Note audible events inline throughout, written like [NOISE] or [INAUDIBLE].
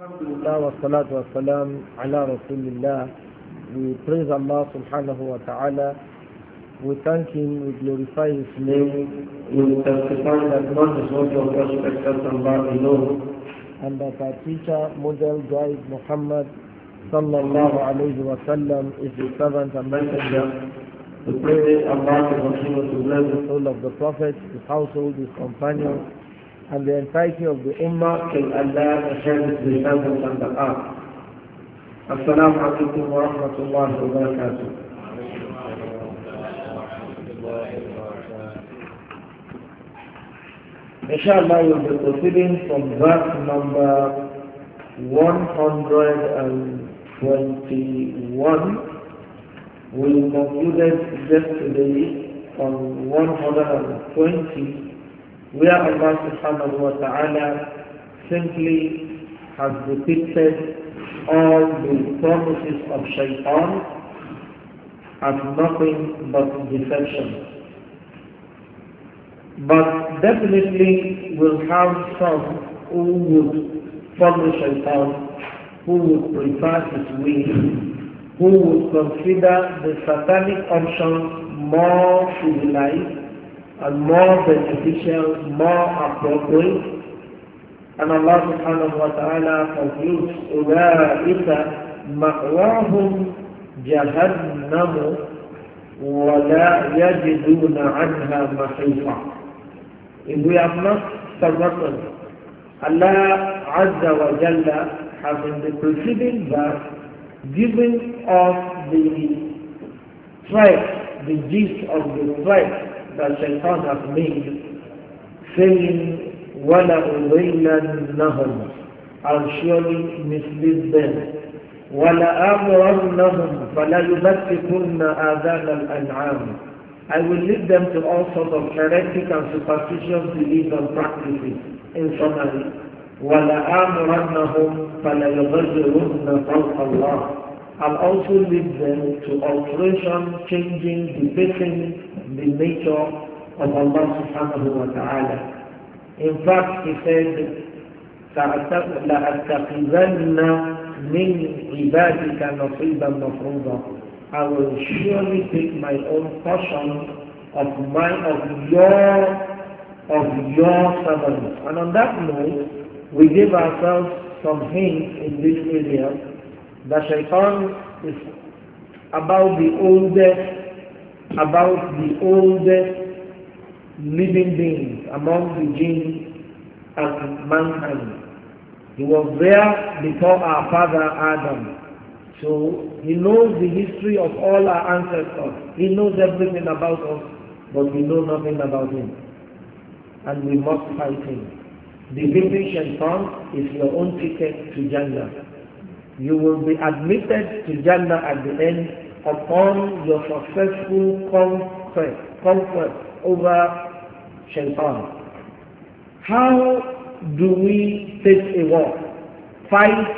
Alhamdulillah wa salatu wa salam ala Rasulillah. We praise Allah subhanahu wa ta'ala. We thank Him, we glorify His name. We testify that God is not your worship except Allah alone. And that our teacher, model, guide Muhammad sallallahu alayhi wa sallam is the servant and messenger. We pray Allah to continue to bless the soul of the Prophet, his household, his companions and the entirety of the Ummah till Allah ascends the heavens and the earth. Assalamu alaikum wa rahmatullahi wa barakatuh. Inshallah, we'll be proceeding from verse number 121. We concluded yesterday on 120 where Allah subhanahu wa ta'ala simply has depicted all the promises of shaitan as nothing but deception. But definitely will have some who would follow shaitan, who would prefer his win, who would consider the satanic option more civilized and more beneficial, more appropriate. And Allah subhanahu wa ta'ala concludes, أُولَٰئِكَ مَأْوَاهُمْ جَهَنَّمُ وَلَا يَجِدُونَ عَنْهَا مَحِيصًا If we have not forgotten, Allah Azza wa Jalla has in the preceding verse given us the threat, the gist of the threat فالشيطان أقمي فين ولأضلنهم I'll surely mislead them ولأمرنهم يبتكن آذان الأنعام I will lead them to all sorts of heretic and superstitious beliefs and practices. In summary, وَلَآمُرَنَّهُمْ فَلَيُغَيِّرُنَّ خَلْقَ اللَّهِ and also lead them to alteration, changing, debating the nature of Allah subhanahu wa ta'ala. In fact, he said, لأتخذن من عبادك نصيبا مفروضا I will surely take my own portion of my of your of your servants. And on that note, we give ourselves some hints in this area the shaitan is about the oldest, about the oldest living beings among the jinn and mankind. He was there before our father Adam. So he knows the history of all our ancestors. He knows everything about us, but we know nothing about him. And we must fight him. The Defeating shaitan is your own ticket to Jannah you will be admitted to Jannah at the end upon your successful conquest, conquest over shaitan. How do we take a war? Fight,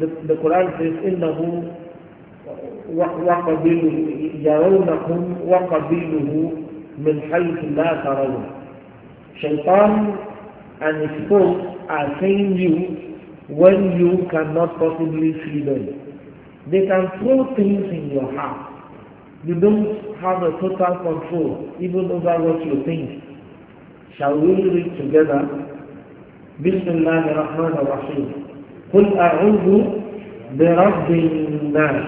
the, the Quran says, إِنَّهُ وقبيله يرونهم وقبيله من حيث لا ترون Shaitan and his foes are saying you when you cannot possibly see them. They can throw things in your heart. You don't have a total control even over what you think. Shall we read together? Bismillah ar-Rahman ar-Rahim. قل أعوذ برب الناس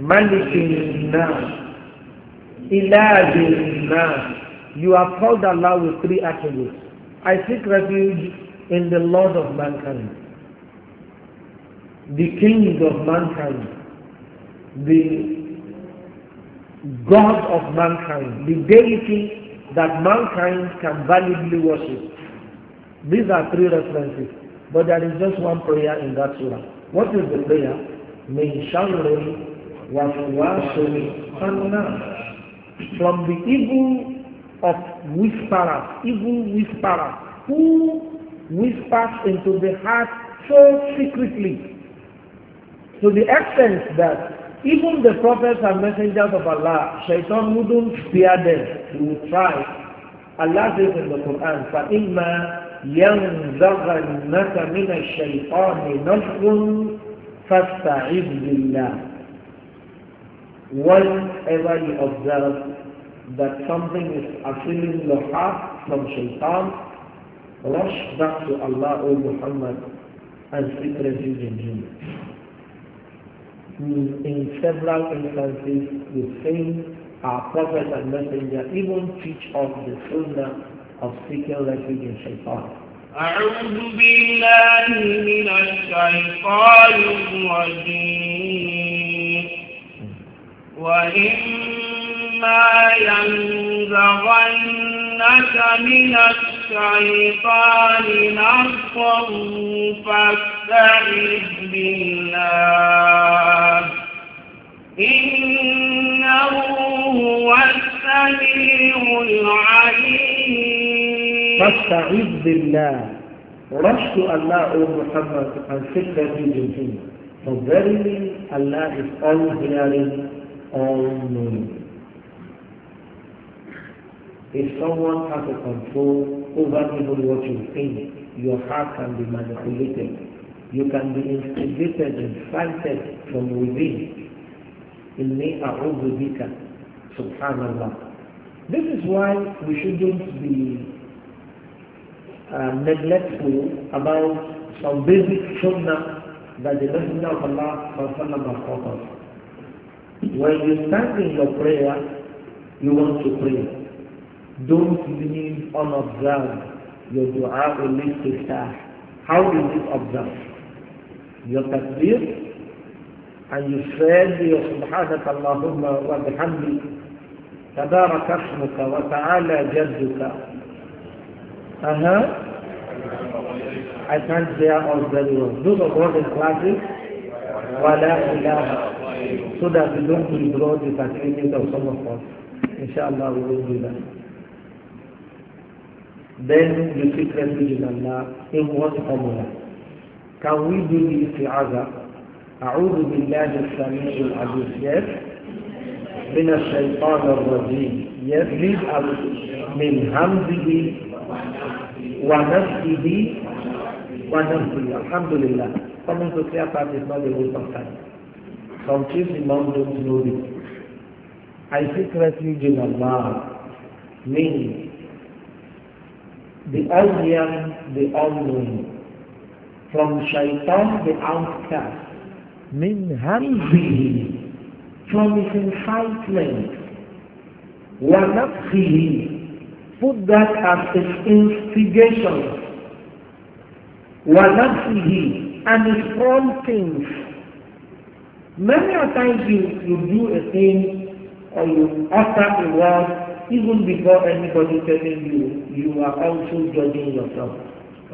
ملك الناس إله الناس You are called Allah with three attributes. I seek refuge in the Lord of mankind, the King of mankind, the God of mankind, the deity that mankind can validly worship. These are three references, but there is just one prayer in that surah. What is the prayer? May sharri wa From the evil of whisperers, evil whisperers, who whispers into the heart so secretly to the extent that even the prophets and messengers of Allah, Shaitan wouldn't fear them. He would try. Allah says in the Quran, فَإِمَّا يَنْزَغَنَّكَ مِنَ الشَّيْطَانِ نَزْغٌ فَاسْتَعِذْ بِاللَّهِ Whenever you observe that something is appealing your heart from shaitan, Rush back to Allah, O Muhammad, and seek refuge in Him. In several instances, the same our Prophet and Messenger even teach of the sunnah of seeking refuge in Shaitan. أعوذ بالله من الشيطان الرجيم وإما ينزغنك من الشيطان الشيطان نصر فاستعذ بالله إنه هو السميع العليم فاستعذ بالله ورشت الله محمد عن سكة في جنسين فذرني الله اسأل خيار أمني If someone has a control over even what you think, your heart can be manipulated. You can be instigated, incited from within. إِنِّي أَعُوذُ بِكَ Subhanallah. This is why we shouldn't be uh, neglectful about some basic sunnah that the Messenger of Allah has taught us. When you stand in your prayer, you want to pray. don't leave unobserved your dua will lead to star. How is it observed? Your takbir and you said your subhanak Allahumma wa bihamdi tabarak asmuka wa ta'ala jadduka. Uh-huh. I can't say all very well. Those are all the classes. Wala ilaha. So that we don't be brought with agreement of some of us. Inshallah we will do that then you seek refuge in Allah in what formula? Can we do the isti'aza? أعوذ بالله السميع العليم yes من الشيطان الرجيم yes read من همزه ونفسه ونفسه الحمد لله coming to clear part is not the whole sometimes some chief imam don't know this I seek refuge in Allah means the alien, the unknown. From shaitan, the outcast. من همزه from his incitement ونفخه put that as his instigation ونفخه and his promptings many a times you, you do a thing or you utter a word even before anybody telling you, you are also judging yourself.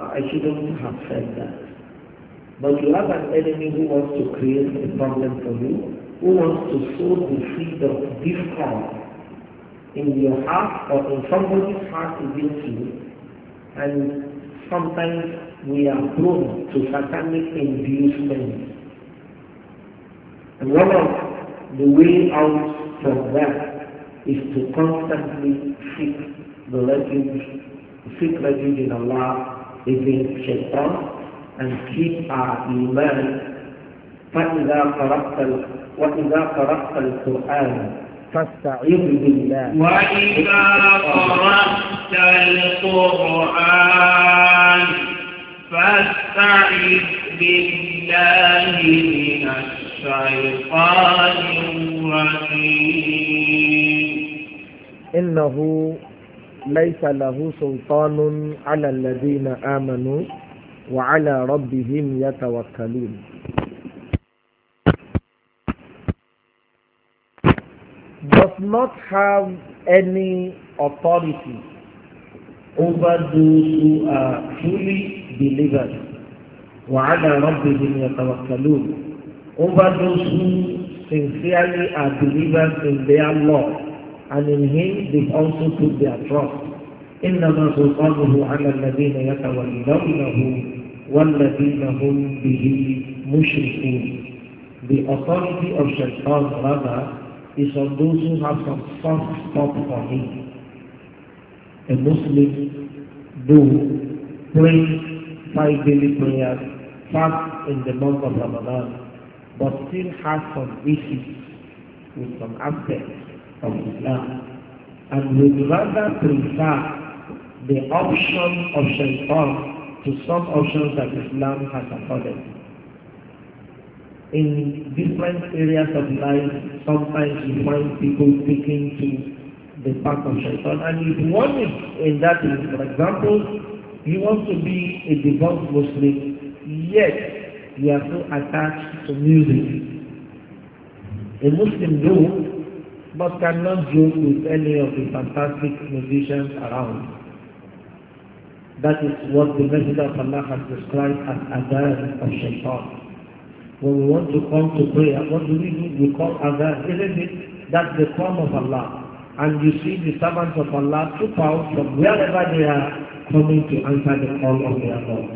I shouldn't have said that. But you have an enemy who wants to create a problem for you, who wants to sow the seed of discord in your heart or in somebody's heart against you. And sometimes we are prone to satanic inducements. And one of the way out from that is to constantly seek the refuge, seek refuge in Allah against shaitan and keep our iman. فإذا قرأت وإذا قرأت القرآن فاستعذ بالله وإذا قرأت القرآن فاستعذ بالله من الشيطان الرجيم أنه ليس له سلطان على الذين آمنوا وعلى ربهم يتوكلون does not have any authority over those who uh, are truly believers وعلى ربهم يتوكلون over those who sincerely are believers in their Lord and in him they also put their trust. إنما سلطانه على الذين يتولونه والذين هم به مشركون. The authority of Shaitan rather is on those who have some soft spot for him. A Muslim do pray five daily prayers, fast in the month of Ramadan, but still has some issues with some aspects of Islam. And would rather prefer the option of shaitan to some options that Islam has afforded. In different areas of life, sometimes you find people sticking to the path of shaitan. And if one is in that, for example, you want to be a devout Muslim, yet you are so attached to music. A Muslim though but cannot joke with any of the fantastic musicians around. That is what the Messenger of Allah has described as Adhan of Shaitan. When we want to come to prayer, what do we do? We call Adhan, isn't it? That's the form of Allah. And you see the servants of Allah troop out from wherever they are coming to answer the call of their Lord.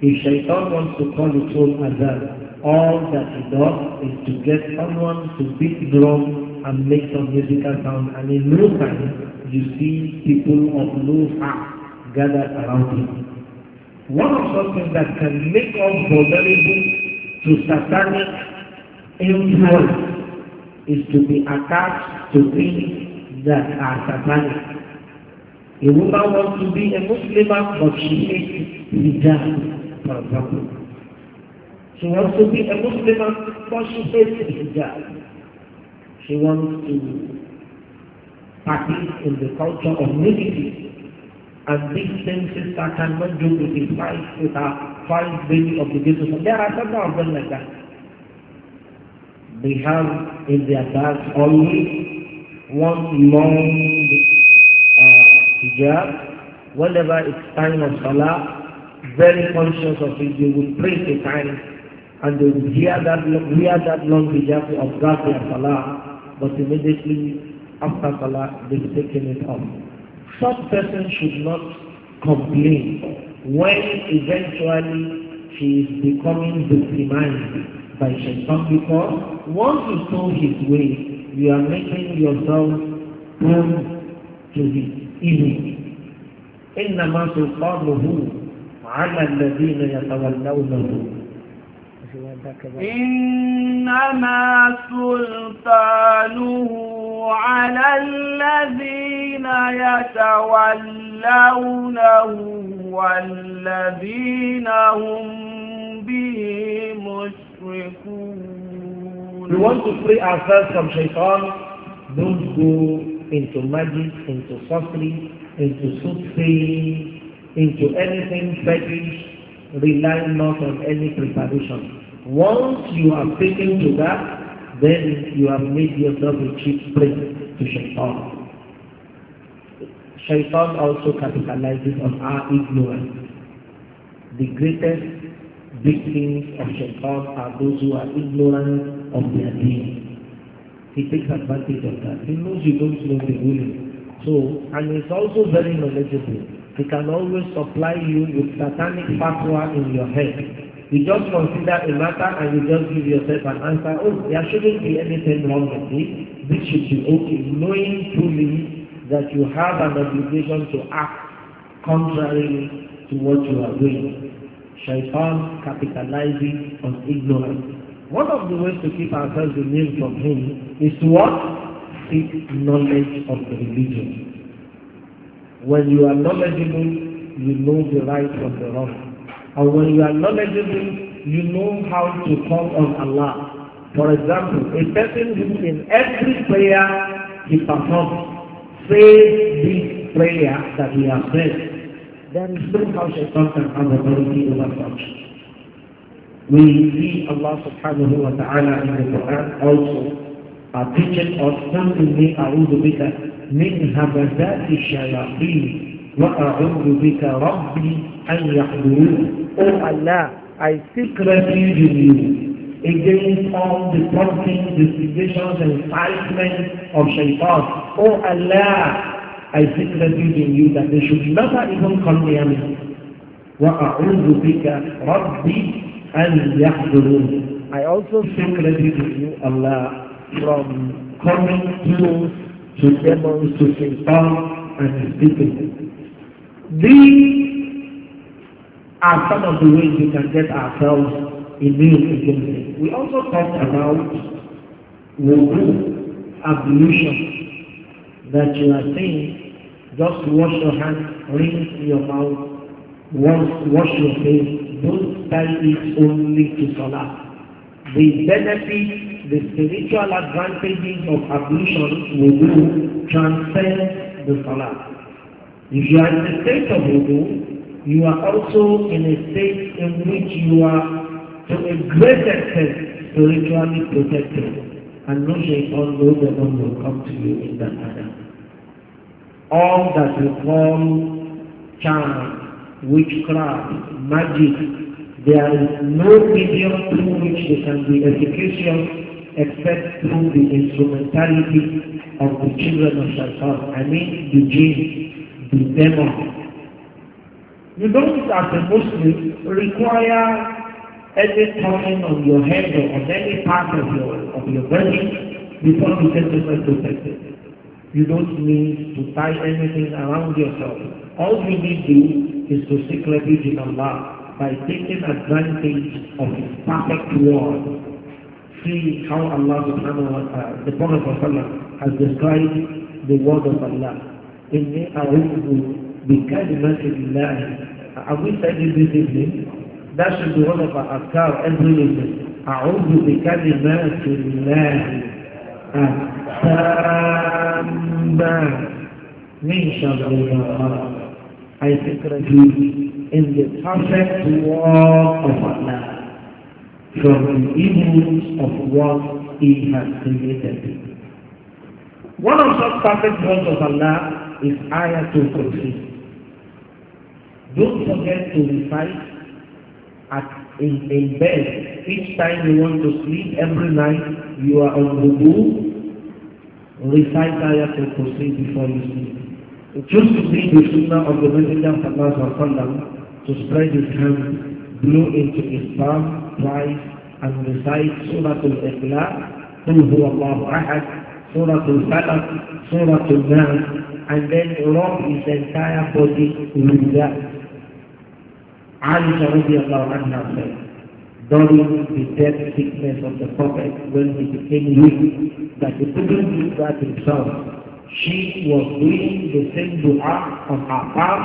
If Shaitan wants to call its own Adhan, all that he does is to get someone to beat drum and make some musical sound. And in no time, you see people of no fact gathered around him. One of something that can make us vulnerable to satanic influence is to be attached to things that are satanic. A woman wants to be a Muslim, but she hates hijab, for example. She wants to be a Muslim, but she hates hijab. He wants to partake in the culture of negative and these senses that cannot do with his wife with our five baby obligations. There are several of them like that. They have in their bags only one long uh, hijab. Whenever it's time of salah, very conscious of it, they will pray the time and they will hear that, hear that long hijab of observe their salah but immediately after Salah, they've taken it off. Such person should not complain when eventually he is becoming victimized by shaitan because once you know his way, you are making yourself prone to the evil. إنما سلطانه على الذين يتولونه إنما سلطانه على الذين يتولونه والذين هم به مشركون We want to free ourselves from shaitan, Don't go into magic, into sorcery, into soothsaying, into anything fetish, rely not on any preparation. Once you are taken to that, then you have made yourself a cheap slave to shaitan. Shaitan also capitalizes on our ignorance. The greatest victims of shaitan are those who are ignorant of their deen. He takes advantage of that. He knows you don't know the ruling. So, and he's also very knowledgeable. He can always supply you with satanic fatwa in your head you just consider a matter and you just give yourself an answer, oh, there shouldn't be anything wrong with me. This should be okay, knowing truly that you have an obligation to act contrary to what you are doing. Shaitan capitalizing on ignorance. One of the ways to keep ourselves immune from him is to what? Seek knowledge of the religion. When you are knowledgeable, you know the right from the wrong. And when you are knowledgeable, you know how to call on Allah. For example, a person who in every prayer he performs says this prayer that he has said, there is no how shaitan can have authority over such. We see Allah subhanahu wa ta'ala in the Quran also are teaching us, قُلْ إِنِّي أَعُوذُ بِكَ مِنْ هَمَزَاتِ الشَّيَاطِينِ وأعوذ بك ربي أن يحضرون Oh Allah, I seek refuge in you against all the promptings, distillations, and incitements of shaitan. Oh Allah, I seek refuge in you that they should never even come near me. وأعوذ بك ربي أن يحضرون I also seek refuge in you, Allah, from coming close to demons, to Satan, and his people. These are some of the ways we can get ourselves immune against it. We also talked about wudu, ablution, that you are saying just wash your hands, rinse your mouth, wash, wash your face, don't tie it only to salah. The benefit, the spiritual advantages of ablution will transcend the salah. If you are in a state of wudu, you are also in a state in which you are to a great extent spiritually protected. And no shaitan, no devil will come to you in that manner. All that we call charm, witchcraft, magic, there is no medium through which they can be execution except through the instrumentality of the children of shaitan. I mean the jinn the demon. You don't, as a Muslim, require any turning on your head or on any part of your, of your body before you get yourself protected. You don't need to tie anything around yourself. All you need to do is to seek refuge in Allah by taking advantage of His perfect word. See how Allah subhanahu wa ta'ala, the Prophet has described the word of Allah. èmi àwùjọ bìkálì mẹ́sẹ̀ láàyè àwùjọ ìdíje ìdíje dáṣọ ìdíwọ́ lọ́pàá àkàr ẹgbẹ́lẹ́gbẹ́ àwùjọ bìkálì mẹ́sẹ̀ láàyè àtàmà ní ìṣàlẹ̀ ìyàwó àìsíkìrẹ́jù in the perfect walk of Allah from the evils of what He has created. One of those perfect works of Allah is Ayatul Kursi. Don't forget to recite at in, in bed. Each time you want to sleep, every night you are on the move, recite Ayatul Kursi before you sleep. Just to read the Sunnah of the Messenger of Allah to spread his hand, blow into his palm twice, and recite Surah Al-Ikhlas, Qul Huwa Allahu Ahad, Surah Al-Falaq, Surah Al-Nas, and then rub his entire body with that. Aisha radiallahu anha said, during the death sickness of the Prophet when he became weak, that he couldn't do that himself. She was doing the same dua on her part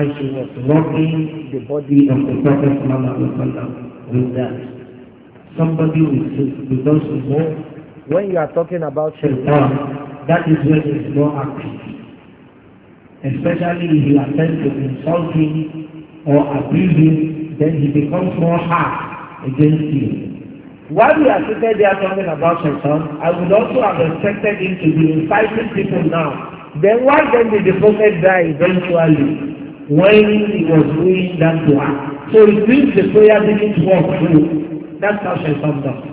and she was rocking the body of the Prophet with that. Somebody will say, because you know when you are talking about shaitan, that is when he is not active. Especially if you attempt to insult him or abuse him, then he becomes more hard against you. While we are seated there talking about shaitan, I would also have expected him to be inciting people now. Then why then did the prophet die eventually when he was doing that dua? So it means the prayer didn't work through. That's how shaitan does.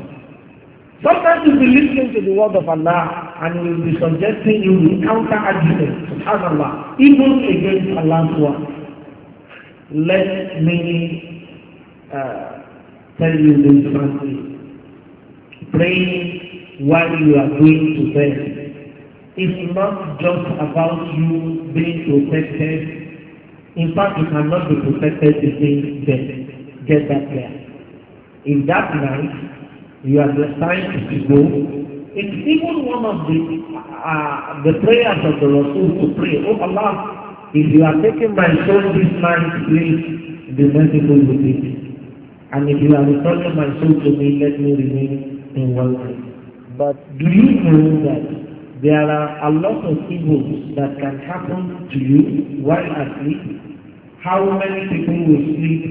Sometimes you'll be listening to the word of Allah and you will be suggesting you will counter arguments, Allah, even against Allah's word. Let me uh, tell you this frankly. pray while you are going to bed It's not just about you being protected. In fact, you cannot be protected if you Get that clear. In that night, You have the time to go. It's even one of the uh, the prayers of the Rasul to pray. Oh Allah, if you are taking my soul this night, please be merciful with it. And if you are returning my soul to me, let me remain in one place. But do you know that there are a lot of evils that can happen to you while asleep? How many people will sleep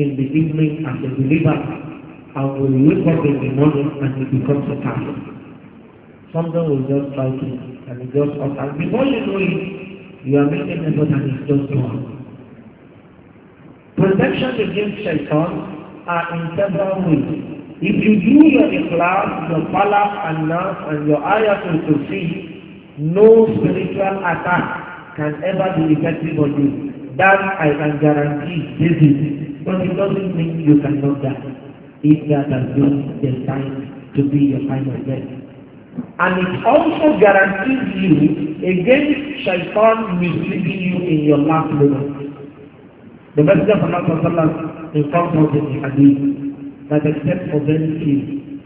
in the evening as a believer? I will wake up in the morning and it becomes a target. Something will just strike you and it just utters. Before you know it, you are making effort and it's just gone. Protection against shaitan are in several ways. If you do your ikhlas, your palak and nas and your to see, no spiritual attack can ever be effective on you. That I can guarantee, is, But it doesn't mean you cannot die easier that doing their time to be your final death. And it also guarantees you against shaitan misleading you in your last moment. The Messenger of Allah informs us in the hadith that except for very few,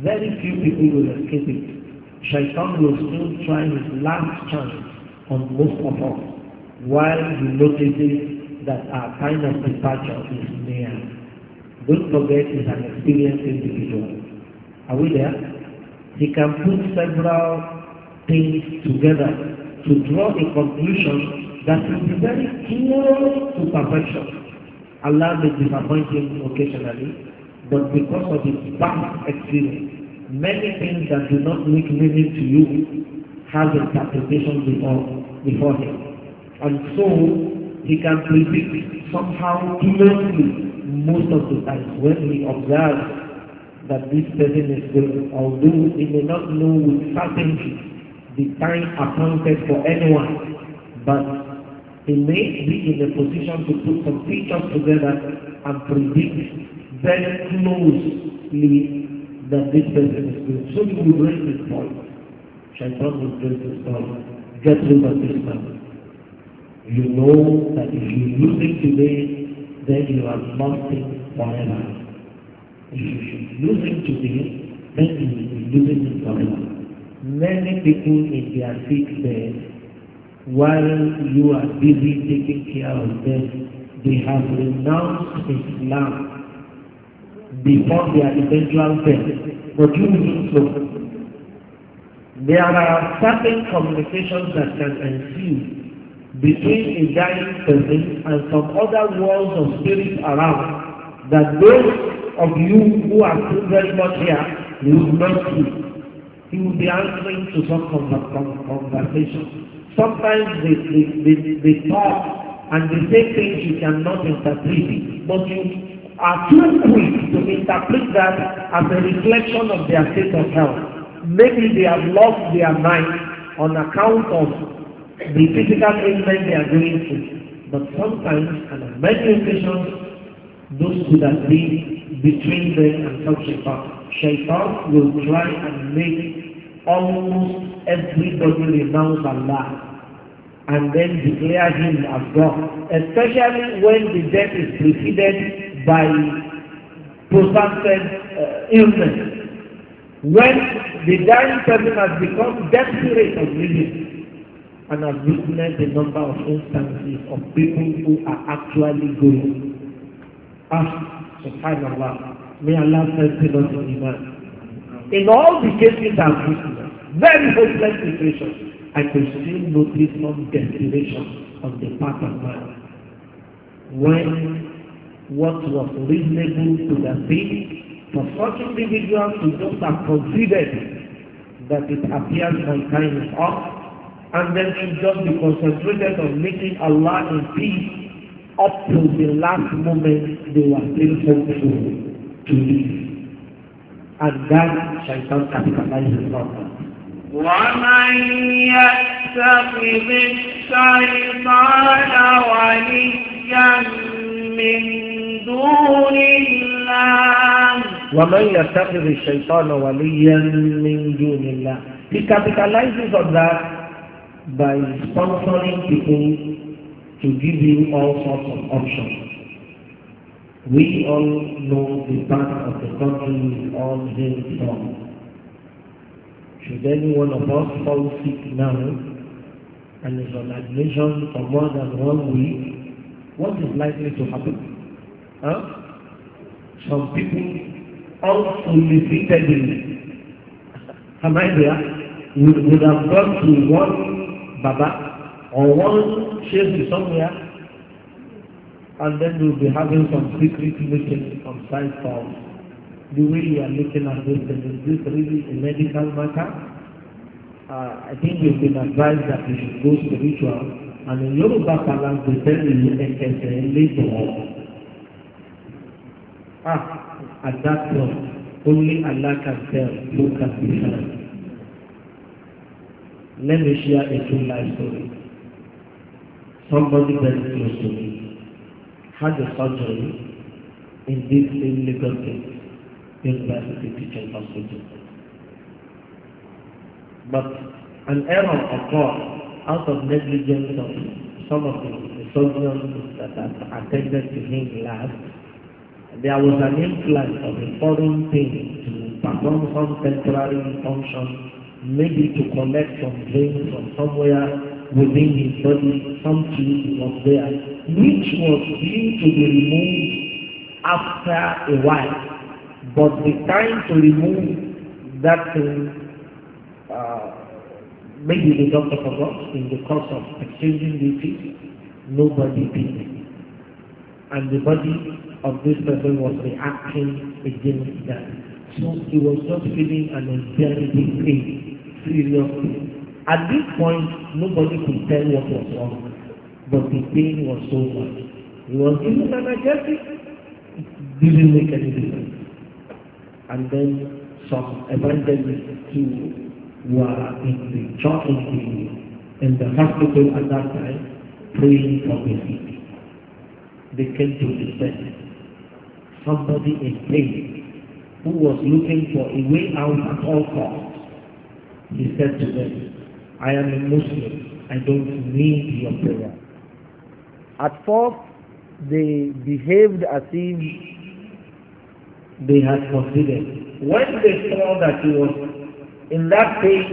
very few people will escape it. Shaitan will still try his last chance on most of us while he notices that our time of departure is near. Good progress forget an experienced individual. Are we there? He can put several things together to draw a conclusion that will be very close to perfection. Allah may disappoint him occasionally, but because of his past experience, many things that do not make meaning to you have interpretation before, before him. And so, he can predict somehow closely most of the times when we observe that this person is good, although we may not know with certainty the time accounted for anyone, but he may be in a position to put some pictures together and predict very closely that this person is good. So you will raise this point. Shaitan will raise this point. Get rid of this man. You know that if you lose it today, then you are lost forever. If you should lose it today, then you will be losing it forever. Many people in their sick bed, while you are busy taking care of them, they have renounced Islam before their eventual death. But you will so. There are certain communications that can ensue between a dying person and some other worlds of spirit around that those of you who are still very much here, you will not see. He will be answering to some conversation. Sometimes they, they, they, they talk and they say things you cannot interpret, but you are too quick to interpret that as a reflection of their state of health. Maybe they have lost their mind on account of the physical treatment they are going through. But sometimes, and on many occasions, those who have been between them and some shaitan. Shaitan will try and make almost everybody renounce Allah and then declare him as God, especially when the death is preceded by protracted uh, illness. When the dying person has become desperate of living, and have witnessed the number of instances of people who are actually going. Ah, subhanAllah. May Allah strengthen us in Iman. In all the cases I've witnessed, very hopeless situations, I could still notice some desperation on the part of man. When what was reasonable to the thing for such individuals who just have considered that it appears mankind is off and then should just be concentrated on making Allah in peace up to the last moment they were still hopeful to live. And that shaitan capitalizes on that. ومن يتخذ الشيطان وليا من دون الله ومن يتخذ الشيطان وليا من دون الله He capitalizes on that by sponsoring people to give you all sorts of options. We all know the part of the country we all hail from. Should any one of us fall sick now and is on admission for more than one week, what is likely to happen? Huh? Some people also repeatedly, [LAUGHS] am I there? would have gone to one Baba or one shares somewhere and then you'll be having some secret meeting on side files. The way you are looking at this thing, is this really a medical matter? Uh, I think you've been advised that you should go spiritual and in Yoruba parlance they tell you ẹ̀kẹ̀sẹ̀ lẹ́tọ̀ọ́. Ah, at that point, only Allah can tell who can be helped. Let me share a true life story. Somebody very close to me had a surgery in this same legal case, University Teaching Hospital. But an error occurred out of negligence of some of the surgeons that had attended to him last. There was an influx of a foreign thing to perform some temporary function maybe to collect some grain from somewhere within his body, some tube was there, which was due to be removed after a while. But the time to remove that thing, uh, maybe the doctor forgot in the course of exchanging duties, nobody did And the body of this person was reacting against that. So he was just feeling an unbearable pain, serious At this point, nobody could tell what was wrong, but the pain was so much. He was given analgesic, it didn't make any difference. And then some evangelists who were in the church in the hospital at that time praying for the sick. They came to the bed. Somebody in pain who was looking for a way out at all costs. He said to them, I am a Muslim. I don't need your prayer. At first, they behaved as if they had considered. When they saw that he was in that state,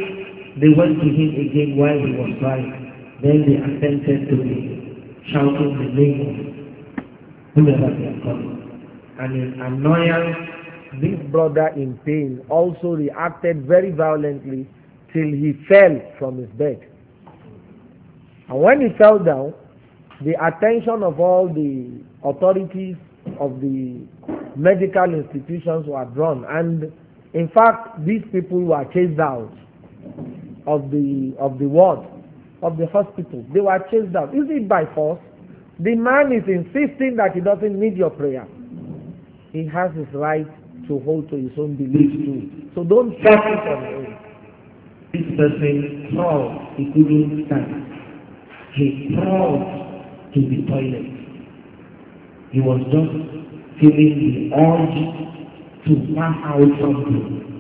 they went to him again while he was crying. Then they attempted to him, shouting the name of whoever they are calling. And in annoyance, this brother in pain also reacted very violently till he fell from his bed. And when he fell down, the attention of all the authorities of the medical institutions were drawn. And in fact, these people were chased out of the, of the ward, of the hospital. They were chased out. Is it by force? The man is insisting that he doesn't need your prayer. He has his right to hold to his own belief too. So don't practice on your own. This person proud he couldn't stand. He proud to the toilet. He was just feeling the urge to pass out from something.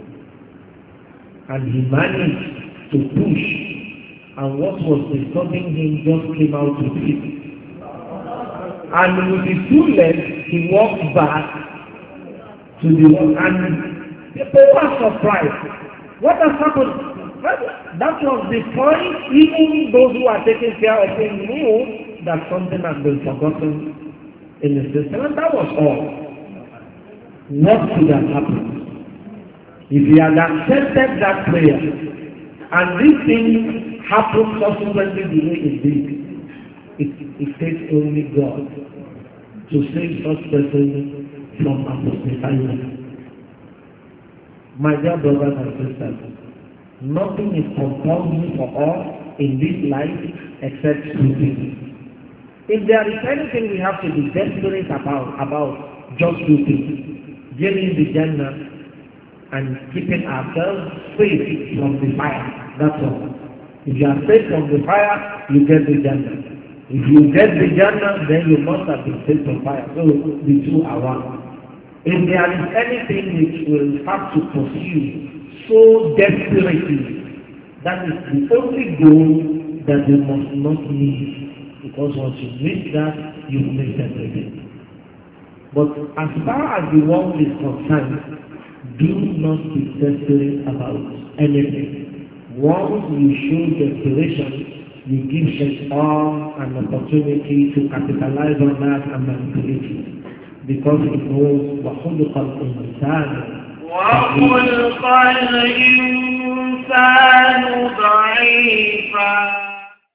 And he managed to push and what was disturbing him just came out with him. And with his two legs, he walked back to the and people were surprised. What has happened? That was the point even those who are taking care of him knew that something had been forgotten in the system and that was all. What could have happened? If he had accepted that prayer and this thing happened subsequently the way it did, it, it takes only God to save such person from Apostle My dear brothers and sisters, nothing is compulsory for us in this life except duty. If there is anything we have to be desperate about, about just duty, things, the Jannah and keeping ourselves safe from the fire. That's all. If you are safe from the fire, you get the Jannah. If you get the Jannah, then you must have been safe from fire. So the two are one. If there is anything which will have to pursue so desperately, that is the only goal that you must not miss. Because once you miss that, you miss everything. But as far as the world is concerned, do not be desperate about anything. Once you show desperation, you give Shaitan an opportunity to capitalize on that and manipulate it. because it was وخلق الإنسان وخلق الإنسان ضعيفا